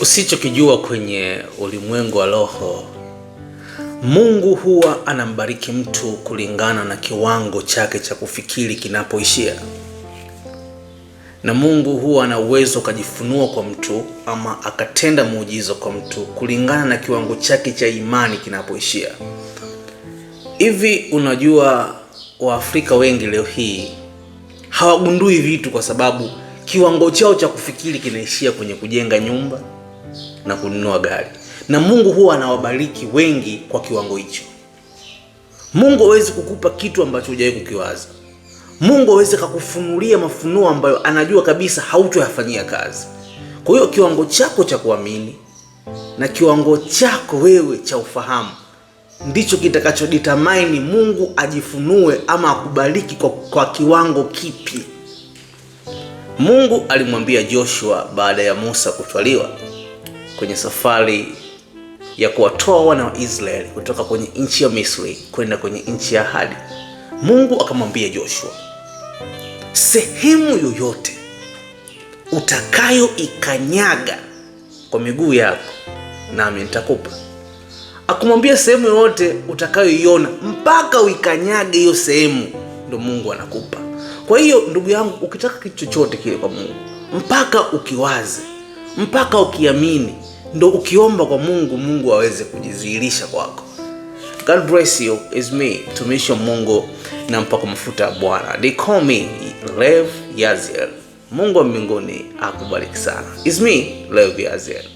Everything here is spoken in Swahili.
Usichokijua kwenye ulimwengu wa roho, Mungu huwa anambariki mtu kulingana na kiwango chake cha kufikiri kinapoishia, na Mungu huwa ana uwezo akajifunua kwa mtu ama akatenda muujizo kwa mtu kulingana na kiwango chake cha imani kinapoishia. Hivi unajua, Waafrika wengi leo hii hawagundui vitu kwa sababu kiwango chao cha kufikiri kinaishia kwenye kujenga nyumba na kununua gari, na Mungu huwa anawabariki wengi kwa kiwango hicho. Mungu hawezi kukupa kitu ambacho hujawahi kukiwaza. Mungu hawezi kukufunulia mafunuo ambayo anajua kabisa hautoyafanyia kazi. Kwa hiyo kiwango chako cha kuamini na kiwango chako wewe cha ufahamu ndicho kitakachoditamaini Mungu ajifunue ama akubariki kwa, kwa kiwango kipi. Mungu alimwambia Joshua baada ya Musa kutwaliwa kwenye safari ya kuwatoa wana wa Israeli kutoka kwenye nchi ya Misri kwenda kwenye nchi ya ahadi, Mungu akamwambia Joshua, sehemu yoyote utakayoikanyaga kwa miguu yako nami nitakupa. Akumwambia sehemu yoyote utakayoiona mpaka uikanyage hiyo sehemu, ndo Mungu anakupa. Kwa hiyo ndugu yangu, ukitaka kitu chochote kile kwa Mungu, mpaka ukiwaze, mpaka ukiamini ndo ukiomba kwa Mungu, Mungu aweze kujizuilisha kwako. God bless you, is me mtumishi wa Mungu na mpako mafuta Bwana. They call me Rev Yaziel. Mungu wa mbinguni akubariki sana. Is me Rev Yaziel.